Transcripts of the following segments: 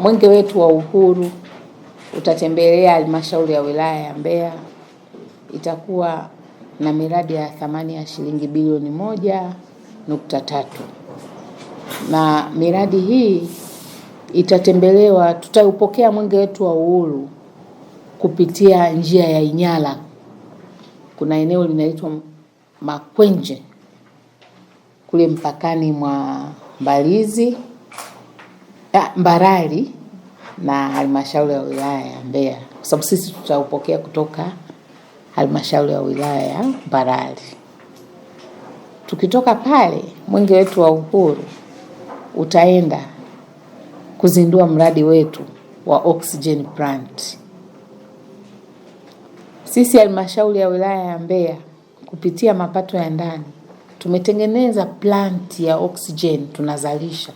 Mwenge wetu wa Uhuru utatembelea halmashauri ya wilaya ya Mbeya. Itakuwa na miradi ya thamani ya shilingi bilioni moja nukta tatu na miradi hii itatembelewa, tutaupokea mwenge wetu wa Uhuru kupitia njia ya Inyala. Kuna eneo linaitwa Makwenje kule mpakani mwa Mbalizi ya, Mbarali na halmashauri ya wilaya ya Mbeya, kwa sababu sisi tutaupokea kutoka halmashauri ya wilaya ya Mbarali. Tukitoka pale mwenge wetu wa uhuru utaenda kuzindua mradi wetu wa oxygen plant. Sisi halmashauri ya wilaya ya Mbeya kupitia mapato ya ndani tumetengeneza plant ya oxygen tunazalisha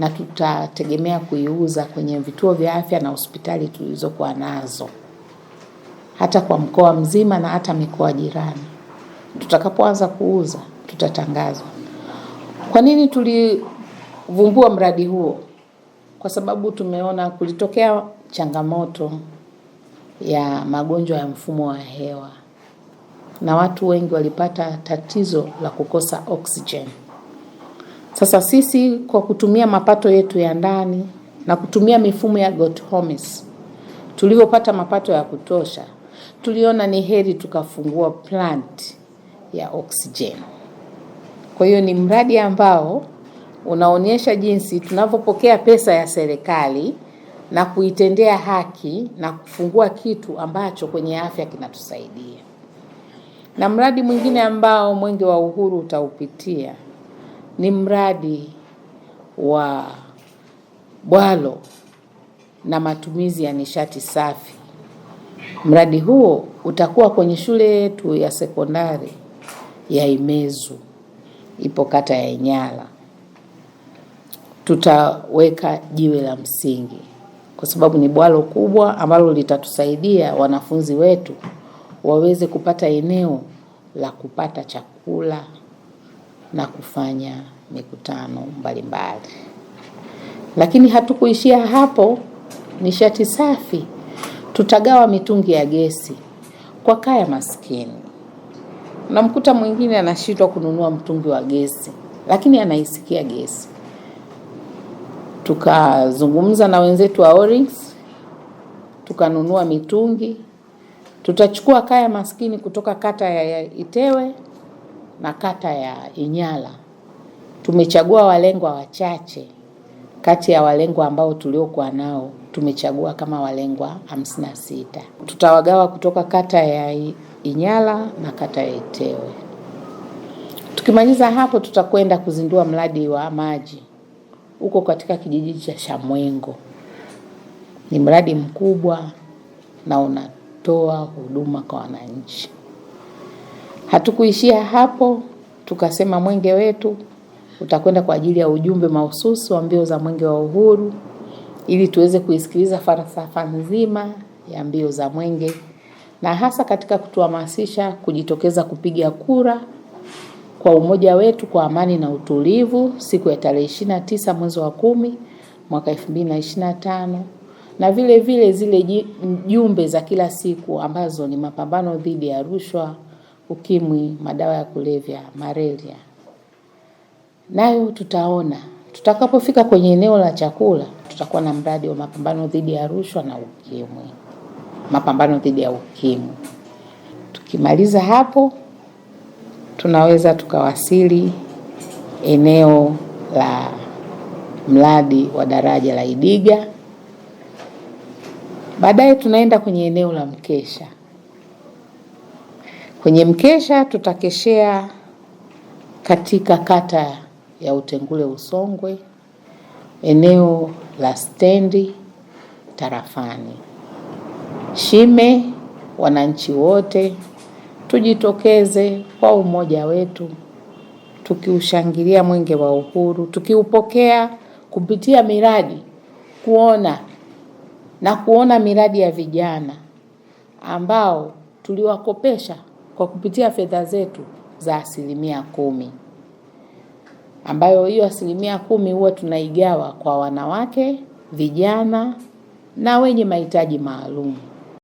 na tutategemea kuiuza kwenye vituo vya afya na hospitali tulizokuwa nazo, hata kwa mkoa mzima na hata mikoa jirani. Tutakapoanza kuuza tutatangazwa Kwa nini tulivumbua mradi huo? Kwa sababu tumeona kulitokea changamoto ya magonjwa ya mfumo wa hewa na watu wengi walipata tatizo la kukosa oksijeni. Sasa sisi kwa kutumia mapato yetu ya ndani na kutumia mifumo ya Got Homes tulivyopata mapato ya kutosha, tuliona ni heri tukafungua plant ya oxygen. Kwa hiyo ni mradi ambao unaonyesha jinsi tunavyopokea pesa ya serikali na kuitendea haki na kufungua kitu ambacho kwenye afya kinatusaidia. Na mradi mwingine ambao Mwenge wa Uhuru utaupitia ni mradi wa bwalo na matumizi ya nishati safi. Mradi huo utakuwa kwenye shule yetu ya sekondari ya Imezu, ipo kata ya Inyala. Tutaweka jiwe la msingi kwa sababu ni bwalo kubwa ambalo litatusaidia wanafunzi wetu waweze kupata eneo la kupata chakula na kufanya mikutano mbalimbali. Lakini hatukuishia hapo. Nishati safi, tutagawa mitungi ya gesi kwa kaya maskini. Unamkuta mwingine anashindwa kununua mtungi wa gesi, lakini anaisikia gesi. Tukazungumza na wenzetu wa Orings, tukanunua mitungi. Tutachukua kaya maskini kutoka kata ya Itewe na kata ya Inyala tumechagua walengwa wachache kati ya walengwa ambao tuliokuwa nao tumechagua kama walengwa hamsini na sita. Tutawagawa kutoka kata ya Inyala na kata ya Itewe. Tukimaliza hapo, tutakwenda kuzindua mradi wa maji huko katika kijiji cha Shamwengo. Ni mradi mkubwa na unatoa huduma kwa wananchi. Hatukuishia hapo, tukasema mwenge wetu utakwenda kwa ajili ya ujumbe mahususi wa mbio za mwenge wa uhuru ili tuweze kuisikiliza falsafa nzima ya mbio za mwenge na hasa katika kutuhamasisha kujitokeza kupiga kura kwa umoja wetu kwa amani na utulivu siku ya tarehe ishirini na tisa mwezi wa kumi mwaka elfu mbili na ishirini na tano na vile vile zile jumbe za kila siku ambazo ni mapambano dhidi ya rushwa, ukimwi, madawa ya kulevya, malaria. Nayo tutaona tutakapofika kwenye eneo la chakula, tutakuwa na mradi wa mapambano dhidi ya rushwa na ukimwi, mapambano dhidi ya ukimwi. Tukimaliza hapo, tunaweza tukawasili eneo la mradi wa daraja la Idiga. Baadaye tunaenda kwenye eneo la mkesha. Kwenye mkesha tutakeshea katika kata ya Utengule Usongwe, eneo la stendi tarafani. Shime wananchi wote tujitokeze kwa umoja wetu tukiushangilia mwenge wa uhuru, tukiupokea kupitia miradi kuona na kuona miradi ya vijana ambao tuliwakopesha kwa kupitia fedha zetu za asilimia kumi, ambayo hiyo asilimia kumi huwa tunaigawa kwa wanawake, vijana na wenye mahitaji maalum.